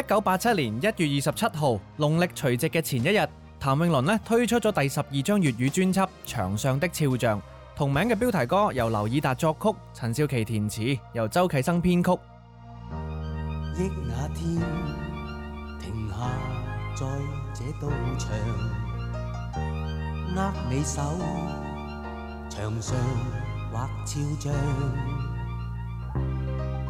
一九八七年一月二十七號，農曆除夕嘅前一日，譚詠麟咧推出咗第十二張粵語專輯《牆上的肖像》，同名嘅標題歌由劉以達作曲，陳少琪填詞，由周啟生編曲。憶那天停下在這道牆，握你手，牆上畫肖像。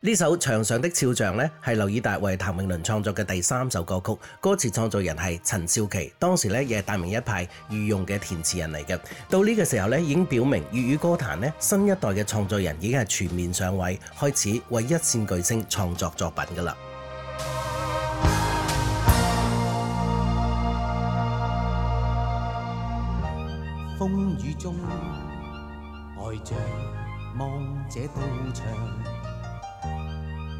呢首牆上的肖像呢，係劉以達為譚詠麟創作嘅第三首歌曲，歌詞創作人係陳少琪，當時呢，亦係達明一派御用嘅填詞人嚟嘅。到呢個時候呢，已經表明粵語歌壇呢新一代嘅創作人已經係全面上位，開始為一線巨星創作作品噶啦。風雨中，愛着望這道牆。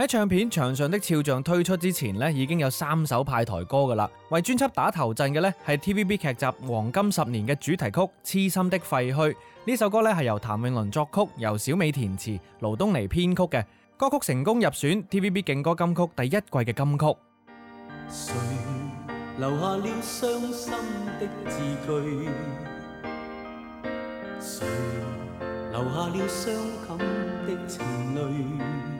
喺唱片《牆上的肖像》推出之前呢，已經有三首派台歌噶啦。為專輯打頭陣嘅呢，係 TVB 劇集《黃金十年》嘅主題曲《痴心的廢墟》。呢首歌呢，係由譚詠麟作曲，由小美填詞，盧東尼編曲嘅。歌曲成功入選 TVB 勁歌金曲第一季嘅金曲。誰留下了傷心的字句，誰留下了傷感的情淚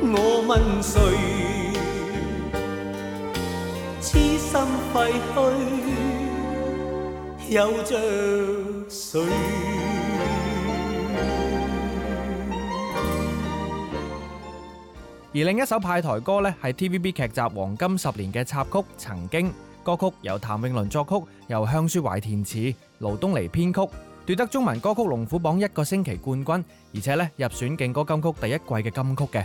我問誰痴心廢去有着誰，而另一首派台歌呢，係 TVB 劇集《黃金十年》嘅插曲《曾經》，歌曲由譚詠麟作曲，由向雪懷填詞，盧東尼編曲，奪得中文歌曲龍虎榜一個星期冠軍，而且呢，入選勁歌金曲第一季嘅金曲嘅。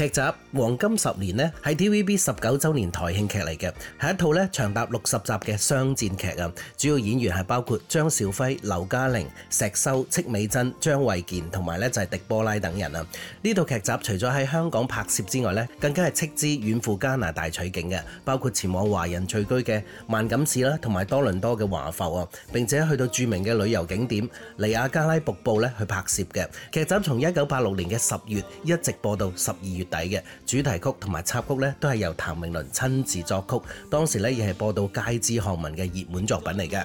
劇集《黃金十年》呢係 TVB 十九周年台慶劇嚟嘅，係一套咧長達六十集嘅商戰劇啊。主要演員係包括張兆輝、劉嘉玲、石修、戚美珍、張衛健同埋呢就係狄波拉等人啊。呢套劇集除咗喺香港拍攝之外呢，更加係斥資遠赴加拿大取景嘅，包括前往華人聚居嘅萬錦市啦，同埋多倫多嘅華埠啊。並且去到著名嘅旅遊景點尼亞加拉瀑布呢去拍攝嘅劇集，集，從一九八六年嘅十月一直播到十二月。底嘅主題曲同埋插曲咧，都係由譚詠麟親自作曲，當時咧亦係播到街知巷聞，嘅熱門作品嚟嘅。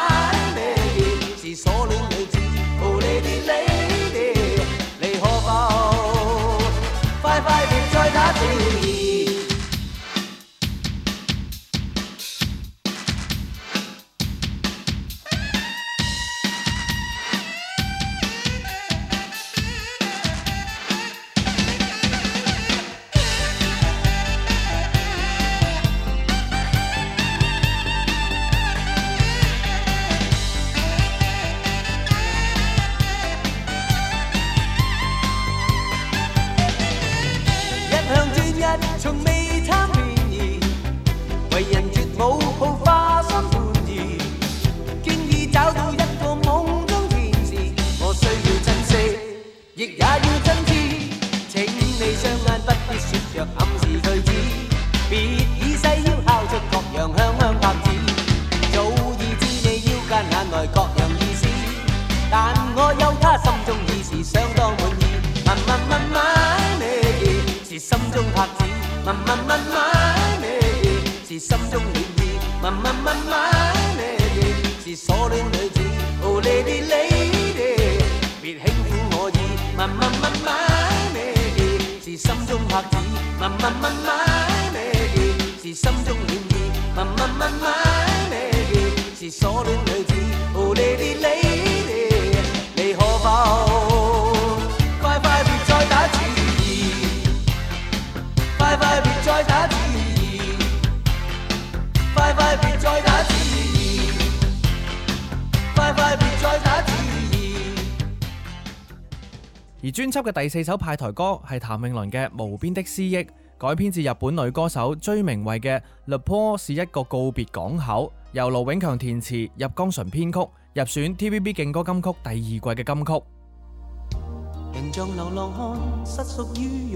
而專輯嘅第四首派台歌係譚詠麟嘅《無邊的詩憶》，改編自日本女歌手追名惠嘅《立 e 是一個告別港口》，由盧永強填詞、入江純編曲，入選 TVB 勁歌金曲第二季嘅金曲。人像流浪失屬於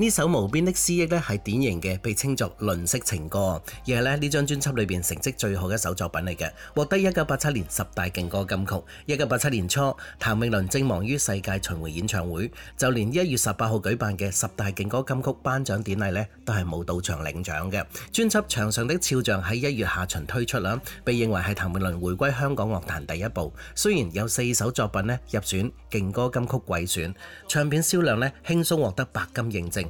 呢首無邊的思憶咧，係典型嘅被稱作吝色情歌，而係咧呢張專輯裏邊成績最好嘅一首作品嚟嘅，獲得一九八七年十大勁歌金曲。一九八七年初，譚詠麟正忙於世界巡迴演唱會，就連一月十八號舉辦嘅十大勁歌金曲頒獎典禮咧都係冇到場領獎嘅。專輯《牆上的肖像》喺一月下旬推出啦，被認為係譚詠麟回歸香港樂壇第一部。雖然有四首作品咧入選勁歌金曲季選，唱片銷量咧輕鬆獲得白金認證。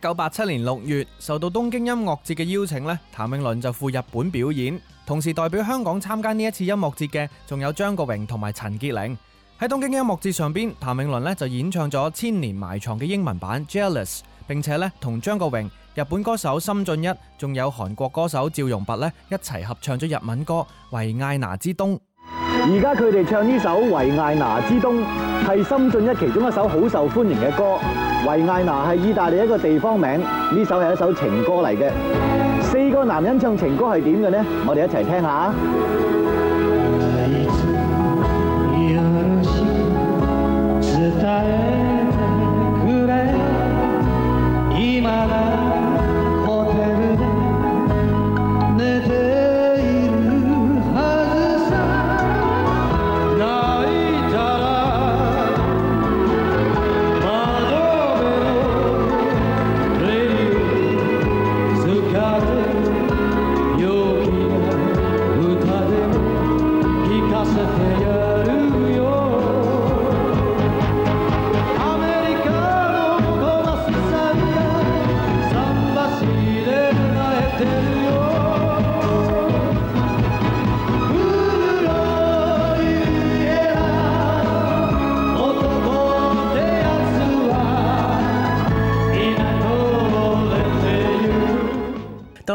一九八七年六月，受到東京音樂節嘅邀請呢，譚詠麟就赴日本表演，同時代表香港參加呢一次音樂節嘅，仲有張國榮同埋陳潔靈。喺東京音樂節上邊，譚詠麟呢就演唱咗千年埋藏嘅英文版《Jealous》，並且呢同張國榮、日本歌手森進一，仲有韓國歌手趙容弼呢一齊合唱咗日文歌《維艾拿之冬》。而家佢哋唱呢首《維艾拿之冬》，係《深圳一》其中一首好受歡迎嘅歌。維艾拿係意大利一個地方名，呢首係一首情歌嚟嘅。四個男人唱情歌係點嘅呢？我哋一齊聽下。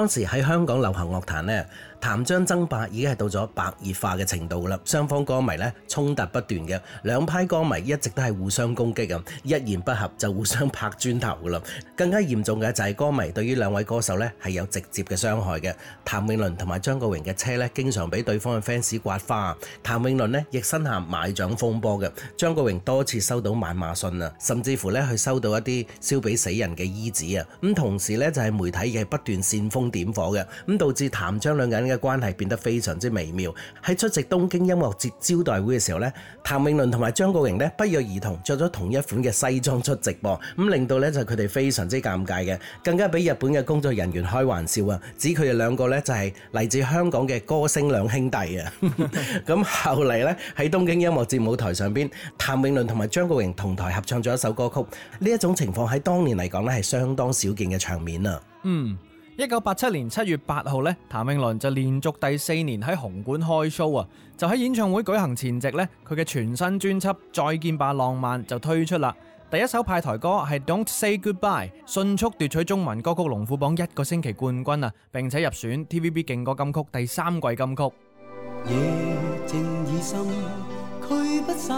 當時喺香港流行樂壇呢，譚張爭霸已經係到咗白熱化嘅程度啦，雙方歌迷呢。衝突不斷嘅兩派歌迷一直都係互相攻擊嘅，一言不合就互相拍磚頭噶啦。更加嚴重嘅就係歌迷對於兩位歌手咧係有直接嘅傷害嘅。譚詠麟同埋張國榮嘅車咧經常俾對方嘅 fans 刮花，譚詠麟咧亦身陷買獎風波嘅，張國榮多次收到謾罵信啊，甚至乎咧佢收到一啲燒俾死人嘅衣紙啊。咁同時呢，就係媒體亦係不斷煽風點火嘅，咁導致譚張兩個人嘅關係變得非常之微妙。喺出席東京音樂節招待會嘅時候咧，譚詠麟同埋張國榮咧不約而同着咗同一款嘅西裝出席噃，咁令到咧就佢哋非常之尷尬嘅，更加俾日本嘅工作人員開玩笑啊，指佢哋兩個咧就係嚟自香港嘅歌星兩兄弟啊。咁 後嚟咧喺東京音樂節舞台上邊，譚詠麟同埋張國榮同台合唱咗一首歌曲，呢一種情況喺當年嚟講咧係相當少見嘅場面啊。嗯。一九八七年七月八號咧，譚詠麟就連續第四年喺紅館開 show 啊！就喺演唱會舉行前夕咧，佢嘅全新專輯《再見吧浪漫》就推出啦。第一首派台歌係《Don't Say Goodbye》，迅速奪取中文歌曲龍虎榜一個星期冠軍啊！並且入選 TVB 勁歌金曲第三季金曲。夜靜已深不散》。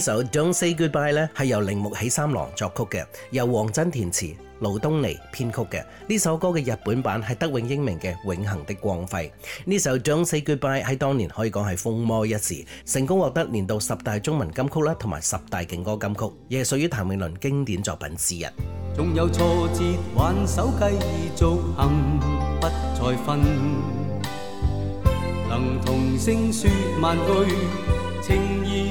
首《Don't Say Goodbye》呢係由鈴木喜三郎作曲嘅，由黃真填詞，盧東尼編曲嘅。呢首歌嘅日本版係德永英明嘅《永恆的光輝》。呢首《Don't Say Goodbye》喺當年可以講係風靡一時，成功獲得年度十大中文金曲啦，同埋十大勁歌金曲，亦係屬於譚詠麟經典作品之一。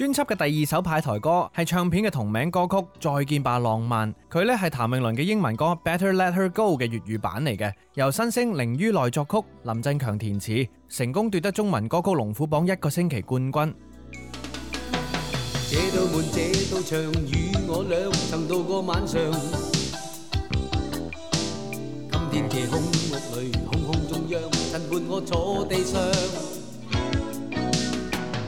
專輯嘅第二首派台歌係唱片嘅同名歌曲《再見吧浪漫》，佢呢係譚詠麟嘅英文歌《Better Let Her Go》嘅粵語版嚟嘅，由新星凌於內作曲，林振強填詞，成功奪得中文歌曲龍虎榜一個星期冠軍。這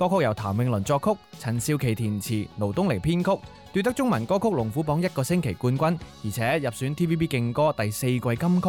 歌曲由譚詠麟作曲，陳少琪填詞，盧東尼編曲，奪得中文歌曲龍虎榜一個星期冠軍，而且入選 TVB 勁歌第四季金曲。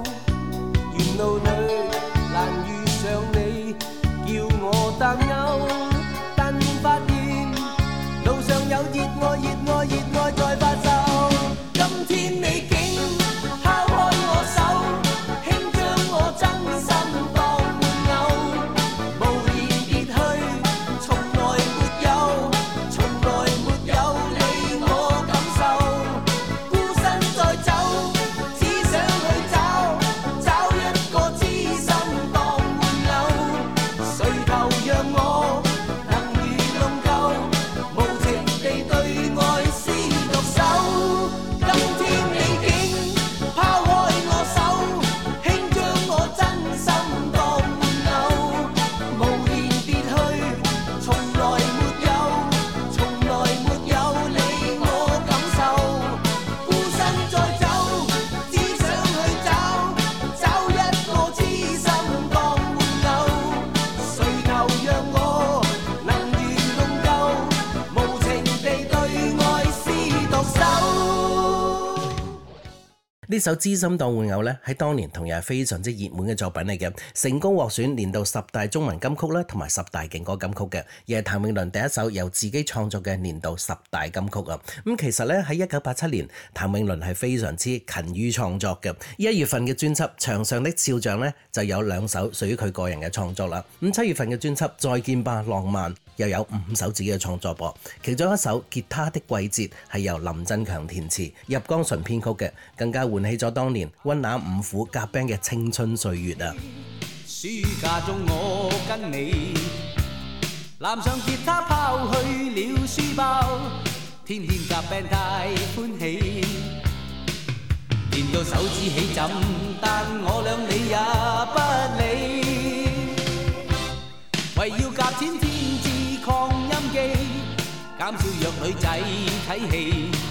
呢首《知心當玩偶》咧喺當年同樣係非常之熱門嘅作品嚟嘅，成功獲選年度十大中文金曲啦，同埋十大勁歌金曲嘅，而係譚詠麟第一首由自己創作嘅年度十大金曲啊！咁其實咧喺一九八七年，譚詠麟係非常之勤於創作嘅。一月份嘅專輯《牆上的肖像》咧就有兩首屬於佢個人嘅創作啦。咁七月份嘅專輯《再見吧浪漫》又有五首自己嘅創作噃，其中一首《吉他的季節》係由林振強填詞、入江純編曲嘅，更加換起咗當年溫拿五虎夾 band 嘅青春歲月啊！暑假中我跟你，攬上吉他拋去了書包，天天夾 band 太歡喜，練到手指起震，但我倆理也不理，為要夾錢天資擴音機，減少約女仔睇戲。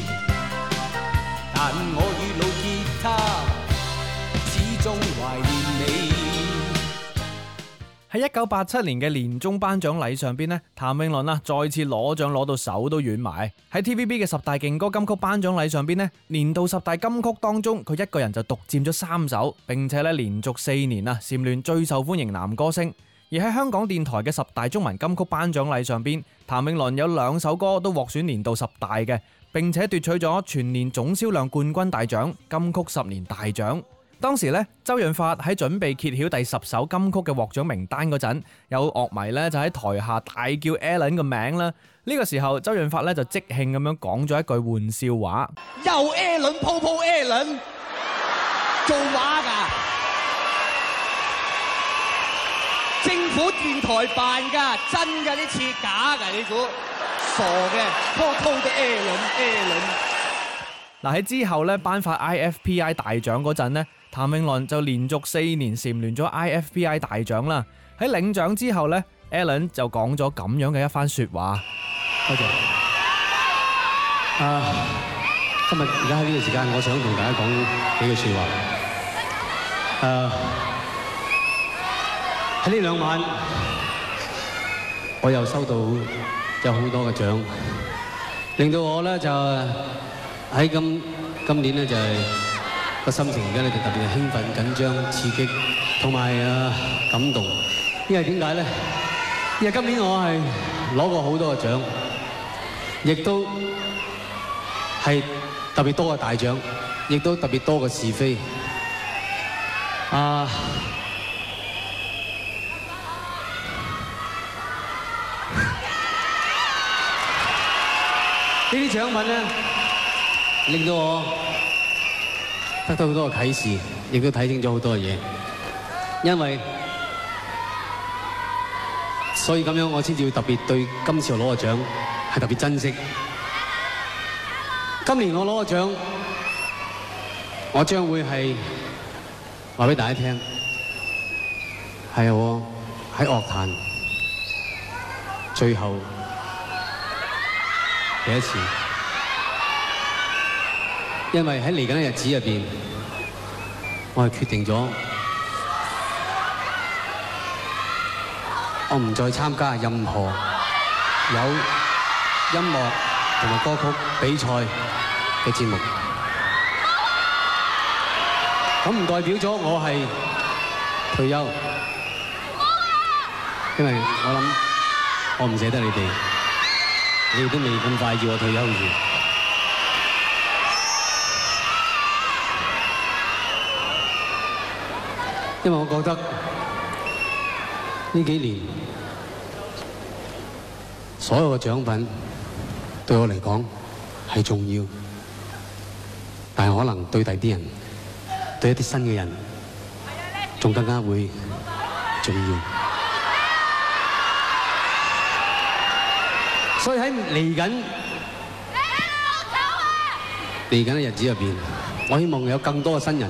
但我與老吉他始終懷念你。喺一九八七年嘅年終頒獎禮上邊呢，譚詠麟啊再次攞獎攞到手都軟埋。喺 TVB 嘅十大勁歌金曲頒獎禮上邊呢，年度十大金曲當中佢一個人就獨佔咗三首，並且咧連續四年啊蟬聯最受歡迎男歌星。而喺香港電台嘅十大中文金曲頒獎禮上邊，譚詠麟有兩首歌都獲選年度十大嘅。並且奪取咗全年總銷量冠軍大獎、金曲十年大獎。當時咧，周潤發喺準備揭曉第十首金曲嘅獲獎名單嗰陣，有樂迷咧就喺台下大叫 Alan 嘅名啦。呢個時候，周潤發咧就即興咁樣講咗一句玩笑話：又 Alan，泡泡 Alan，做話㗎？政府電台辦㗎，真㗎，啲似假㗎，你估？傻嘅，偷偷地 Alan，Alan。嗱，喺之後咧，頒發 IFPI 大獎嗰陣咧，譚詠麟就連續四年蟬聯咗 IFPI 大獎啦。喺領獎之後呢 Alan 就講咗咁樣嘅一番説話。多謝。啊 ，Okay. uh, 今日而家喺呢個時間，我想同大家講幾句説話。喺、uh, 呢兩晚，我又收到，有好多嘅獎，令到我咧就喺今今年咧就係個心情而家咧就特別係興奮、緊張、刺激，同埋啊感動。因為點解咧？因為今年我係攞過好多嘅獎，亦都係特別多嘅大獎，亦都特別多嘅是非。啊！獎品呢，令到我得到好多嘅啟示，亦都睇清楚好多嘢。因為所以咁樣，我先至會特別對今次我攞個獎係特別珍惜。今年我攞個獎，我將會係話俾大家聽，係喎喺樂壇最後第一次。因為喺嚟緊嘅日子入面，我係決定咗，我唔再參加任何有音樂同埋歌曲比賽嘅節目。噉唔代表咗我係退休，因為我諗我唔捨得你哋，你哋都未咁快要我退休住。因為我覺得呢幾年所有嘅獎品對我嚟講係重要，但係可能對第二啲人、對一啲新嘅人，仲更加會重要。所以喺嚟緊嚟緊嘅日子入邊，我希望有更多嘅新人。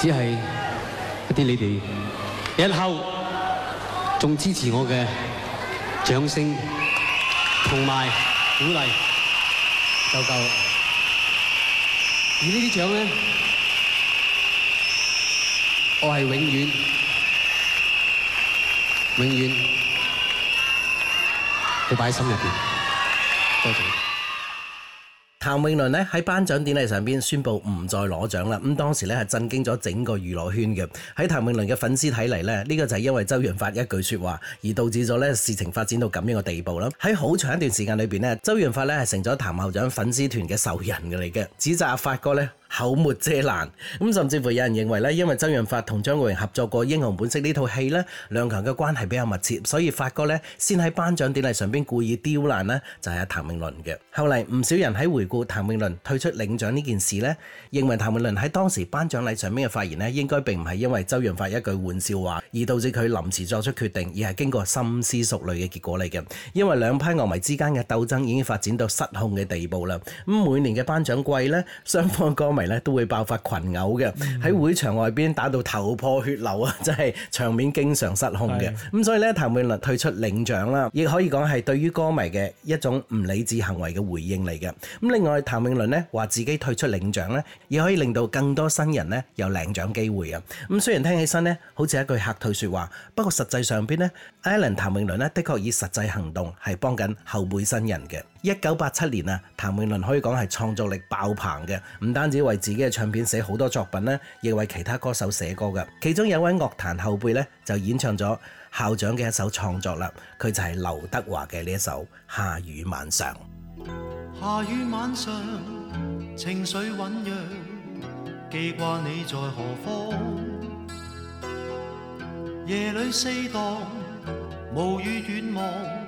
只係一啲你哋，日後仲支持我嘅掌聲同埋鼓勵就夠。而呢啲獎呢，我係永遠、永遠會擺喺心入邊。譚詠麟在喺頒獎典禮上宣布唔再攞獎啦，當時咧震驚咗整個娛樂圈嘅。在喺譚詠麟嘅粉絲睇嚟，呢個就係因為周潤發一句說話而導致咗事情發展到咁樣嘅地步。喺好長一段時間裏邊，周潤發成咗譚校長粉絲團嘅仇人，指責阿發哥口沒遮攔，咁甚至乎有人認為咧，因為周潤發同張國榮合作過《英雄本色》呢套戲咧，兩個人嘅關係比較密切，所以發哥咧，先喺頒獎典禮上邊故意刁難呢，就係譚詠麟嘅。後嚟唔少人喺回顧譚詠麟退出領獎呢件事呢，認為譚詠麟喺當時頒獎禮上面嘅發言呢，應該並唔係因為周潤發一句玩笑話而導致佢臨時作出決定，而係經過深思熟慮嘅結果嚟嘅。因為兩批樂迷之間嘅鬥爭已經發展到失控嘅地步啦，咁每年嘅頒獎季呢，雙方個都會爆發群毆嘅，喺會場外邊打到頭破血流啊！真係場面經常失控嘅，咁所以咧，譚詠麟退出領獎啦，亦可以講係對於歌迷嘅一種唔理智行為嘅回應嚟嘅。咁另外，譚詠麟咧話自己退出領獎咧，亦可以令到更多新人咧有領獎機會啊！咁雖然聽起身咧好似一句客套説話，不過實際上邊咧，Allen 譚詠麟咧，的確以實際行動係幫緊後輩新人嘅。一九八七年啊，譚詠麟可以講係創作力爆棚嘅，唔單止為自己嘅唱片寫好多作品呢，亦為其他歌手寫歌嘅。其中有位樂壇後輩呢，就演唱咗校長嘅一首創作啦，佢就係劉德華嘅呢一首《下雨晚上》。下雨晚上，情緒醖釀，記掛你在何方？夜裏四蕩，無語遠望。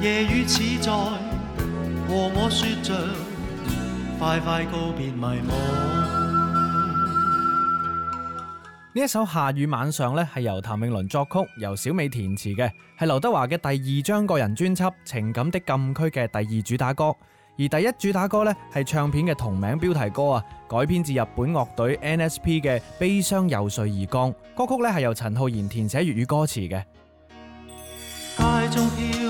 夜雨似在和我説着，快快告別迷惘。呢一首下雨晚上呢，係由譚詠麟作曲，由小美填詞嘅，係劉德華嘅第二張個人專輯《情感的禁區》嘅第二主打歌。而第一主打歌呢，係唱片嘅同名標題歌啊，改編自日本樂隊 N.S.P 嘅《悲傷游睡而降》，歌曲呢，係由陳浩然填寫粵語歌詞嘅。街中飄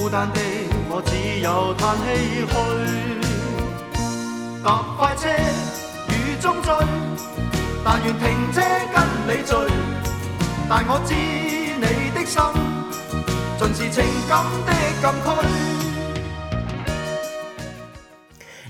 孤單的我只有嘆氣去搭快車雨中追，但願停車跟你聚，但我知你的心盡是情感的禁區。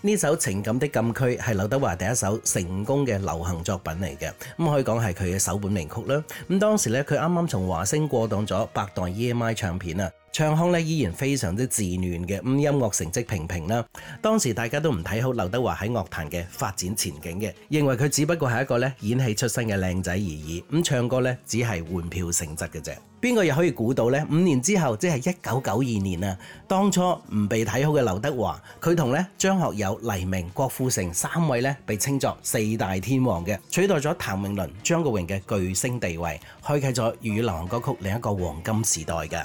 呢 首《情感的禁區》係劉德華第一首成功嘅流行作品嚟嘅，咁可以講係佢嘅首本名曲啦。咁當時呢，佢啱啱從華星過檔咗百代 EMI 唱片啊。唱腔咧依然非常之自亂嘅，音樂成績平平啦。當時大家都唔睇好劉德華喺樂壇嘅發展前景嘅，認為佢只不過係一個咧演戲出身嘅靚仔而已。咁唱歌咧只係換票成質嘅啫。邊個又可以估到呢？五年之後，即係一九九二年啊，當初唔被睇好嘅劉德華，佢同咧張學友、黎明、郭富城三位咧被稱作四大天王嘅取代咗譚詠麟、張國榮嘅巨星地位，開啟咗粵語流行歌曲另一個黃金時代㗎。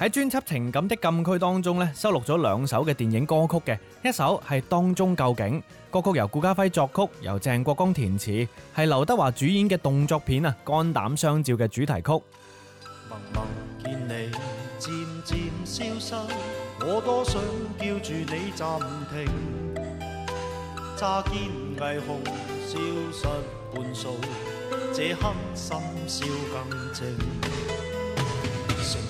喺專輯《情感的禁區》當中呢，收錄咗兩首嘅電影歌曲嘅，一首係《當中究竟》，歌曲由顧嘉輝作曲，由鄭國江填詞，係劉德華主演嘅動作片啊《肝膽相照》嘅主題曲。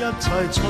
一切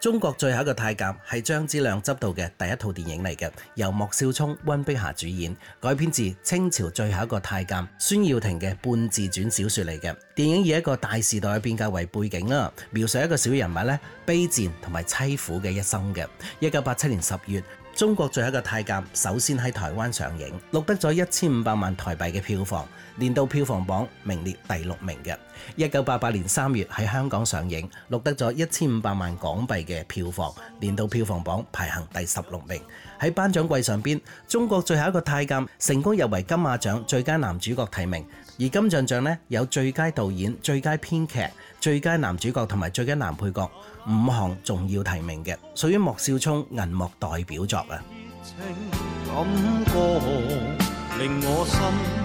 中國最後一個太監係張之亮執導嘅第一套電影嚟嘅，由莫少聰、溫碧霞主演，改編自清朝最後一個太監孫耀庭嘅半自傳小說嚟嘅。電影以一個大時代嘅變革為背景啦，描述一個小人物咧卑賤同埋淒苦嘅一生嘅。一九八七年十月，中國最後一個太監首先喺台灣上映，錄得咗一千五百萬台幣嘅票房。年度票房榜名列第六名嘅，一九八八年三月喺香港上映，錄得咗一千五百萬港幣嘅票房，年度票房榜排行第十六名。喺頒獎季上邊，中國最後一個太監成功入圍金馬獎最佳男主角提名，而金像獎咧有最佳導演、最佳編劇、最佳男主角同埋最佳男配角五項重要提名嘅，屬於莫少聰銀幕代表作啊。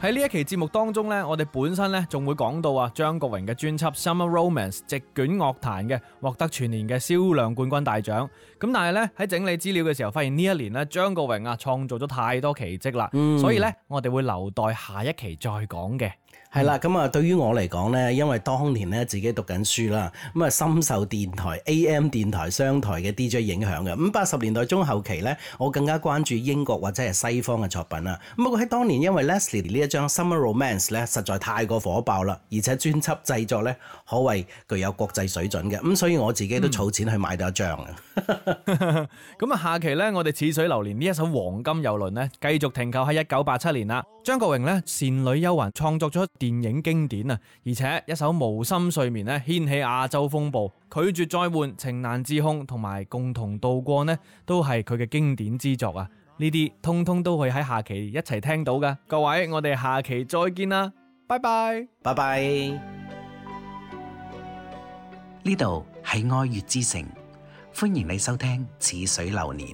喺呢一期節目當中呢，我哋本身呢仲會講到啊張國榮嘅專輯《Summer Romance》席捲樂壇嘅，獲得全年嘅銷量冠軍大獎。咁但係呢，喺整理資料嘅時候，發現呢一年呢張國榮啊創造咗太多奇蹟啦，嗯，所以呢，我哋會留待下一期再講嘅。係啦，咁啊，對於我嚟講呢，因為當年咧自己讀緊書啦，咁啊深受電台 AM 電台商台嘅 DJ 影響嘅。咁八十年代中後期呢，我更加關注英國或者係西方嘅作品啦。不過喺當年，因為 Leslie 呢一張 Summer Romance 呢，實在太過火爆啦，而且專輯製作呢，可謂具有國際水準嘅。咁所以我自己都儲錢去買到一張。咁、嗯、啊， 下期呢，我哋似水流年呢一首《黃金郵輪》呢，繼續停靠喺一九八七年啦。張國榮呢，《倩女幽魂》創作咗。電影經典啊！而且一首《無心睡眠》呢，掀起亞洲風暴，拒絕再換《情難自控》同埋《共同度過》呢，都係佢嘅經典之作啊！呢啲通通都可以喺下期一齊聽到噶。各位，我哋下期再見啦，拜拜，拜拜。呢度係愛粵之城，歡迎你收聽《似水流年》，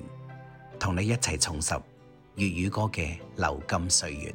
同你一齊重拾粵語歌嘅流金歲月。